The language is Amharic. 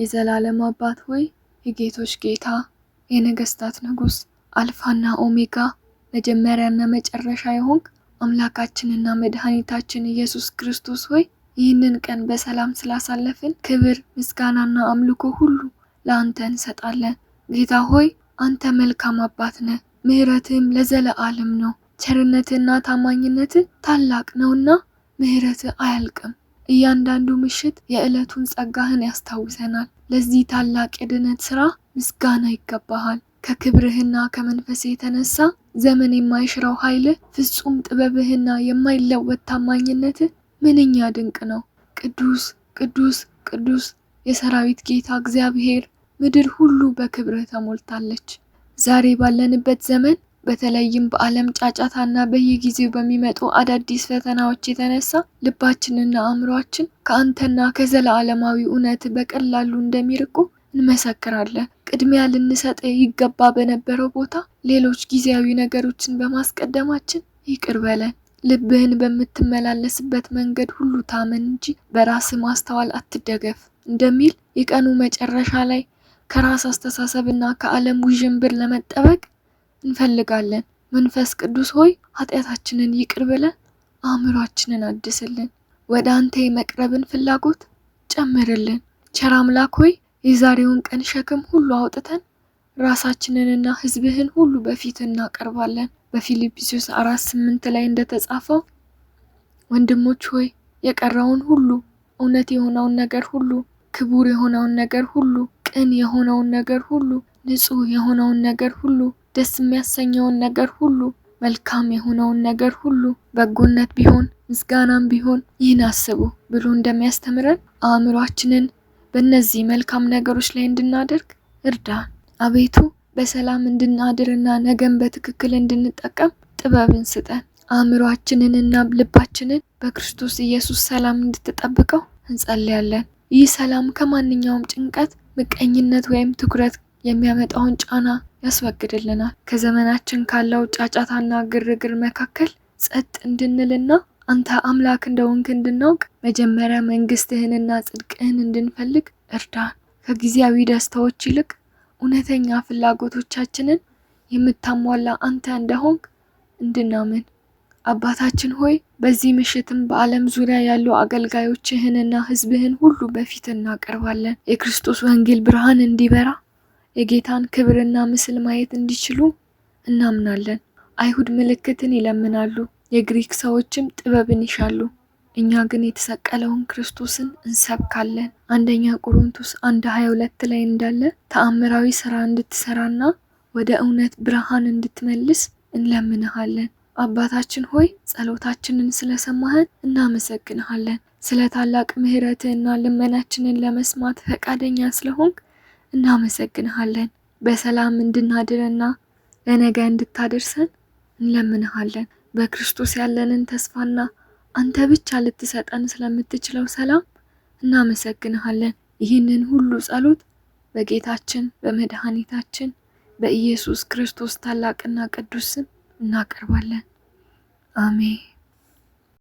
የዘላለም አባት ሆይ የጌቶች ጌታ የነገስታት ንጉስ አልፋና ኦሜጋ መጀመሪያና መጨረሻ የሆንክ አምላካችንና መድኃኒታችን ኢየሱስ ክርስቶስ ሆይ ይህንን ቀን በሰላም ስላሳለፍን ክብር ምስጋናና አምልኮ ሁሉ ለአንተ እንሰጣለን። ጌታ ሆይ አንተ መልካም አባት ነህ፣ ምሕረትህም ለዘለዓለም ነው። ቸርነትህና ታማኝነትህ ታላቅ ነውና ምሕረትህ አያልቅም። እያንዳንዱ ምሽት የዕለቱን ጸጋህን ያስታውሰናል። ለዚህ ታላቅ የድነት ሥራ ምስጋና ይገባሃል። ከክብርህና ከመንፈስ የተነሳ ዘመን የማይሽረው ኃይልህ፣ ፍጹም ጥበብህና የማይለወጥ ታማኝነትህ ምንኛ ድንቅ ነው! ቅዱስ ቅዱስ ቅዱስ የሰራዊት ጌታ እግዚአብሔር፣ ምድር ሁሉ በክብርህ ተሞልታለች። ዛሬ ባለንበት ዘመን በተለይም በዓለም ጫጫታና በየጊዜው በሚመጡ አዳዲስ ፈተናዎች የተነሳ ልባችንና አእምሯችን ከአንተና ከዘላለማዊ እውነት በቀላሉ እንደሚርቁ እንመሰክራለን። ቅድሚያ ልንሰጥ ይገባ በነበረው ቦታ ሌሎች ጊዜያዊ ነገሮችን በማስቀደማችን ይቅር በለን። ልብህን በምትመላለስበት መንገድ ሁሉ ታመን እንጂ በራስ ማስተዋል አትደገፍ እንደሚል የቀኑ መጨረሻ ላይ ከራስ አስተሳሰብና ከዓለም ውዥንብር ለመጠበቅ እንፈልጋለን። መንፈስ ቅዱስ ሆይ ኃጢአታችንን ይቅር ብለን አእምሯችንን አድስልን፣ ወደ አንተ የመቅረብን ፍላጎት ጨምርልን። ቸር አምላክ ሆይ የዛሬውን ቀን ሸክም ሁሉ አውጥተን ራሳችንንና ሕዝብህን ሁሉ በፊት እናቀርባለን። በፊልጵስዩስ አራት ስምንት ላይ እንደተጻፈው ወንድሞች ሆይ የቀረውን ሁሉ እውነት የሆነውን ነገር ሁሉ፣ ክቡር የሆነውን ነገር ሁሉ፣ ቅን የሆነውን ነገር ሁሉ፣ ንጹህ የሆነውን ነገር ሁሉ ደስ የሚያሰኘውን ነገር ሁሉ መልካም የሆነውን ነገር ሁሉ በጎነት ቢሆን ምስጋናም ቢሆን ይህን አስቡ ብሎ እንደሚያስተምረን አእምሯችንን በእነዚህ መልካም ነገሮች ላይ እንድናደርግ እርዳን። አቤቱ በሰላም እንድናድርና ነገን በትክክል እንድንጠቀም ጥበብን ስጠን። አእምሯችንንና ልባችንን በክርስቶስ ኢየሱስ ሰላም እንድትጠብቀው እንጸልያለን። ይህ ሰላም ከማንኛውም ጭንቀት፣ ምቀኝነት ወይም ትኩረት የሚያመጣውን ጫና ያስወግድልናል። ከዘመናችን ካለው ጫጫታና ግርግር መካከል ጸጥ እንድንልና አንተ አምላክ እንደሆንክ እንድናውቅ መጀመሪያ መንግስትህንና ጽድቅህን እንድንፈልግ እርዳን። ከጊዜያዊ ደስታዎች ይልቅ እውነተኛ ፍላጎቶቻችንን የምታሟላ አንተ እንደሆንክ እንድናምን አባታችን ሆይ በዚህ ምሽትም በዓለም ዙሪያ ያሉ አገልጋዮችህንና ሕዝብህን ሁሉ በፊት እናቀርባለን። የክርስቶስ ወንጌል ብርሃን እንዲበራ የጌታን ክብርና ምስል ማየት እንዲችሉ እናምናለን። አይሁድ ምልክትን ይለምናሉ፣ የግሪክ ሰዎችም ጥበብን ይሻሉ። እኛ ግን የተሰቀለውን ክርስቶስን እንሰብካለን። አንደኛ ቆሮንቶስ አንድ ሀያ ሁለት ላይ እንዳለ ተአምራዊ ስራ እንድትሰራና ወደ እውነት ብርሃን እንድትመልስ እንለምንሃለን። አባታችን ሆይ ጸሎታችንን ስለሰማህን እናመሰግንሃለን። ስለ ታላቅ ምሕረትህና ልመናችንን ለመስማት ፈቃደኛ ስለሆንክ እናመሰግንሃለን። በሰላም እንድናድርና ለነገ እንድታደርሰን እንለምንሃለን። በክርስቶስ ያለንን ተስፋና አንተ ብቻ ልትሰጠን ስለምትችለው ሰላም እናመሰግንሃለን። ይህንን ሁሉ ጸሎት በጌታችን በመድኃኒታችን በኢየሱስ ክርስቶስ ታላቅና ቅዱስ ስም እናቀርባለን። አሜን።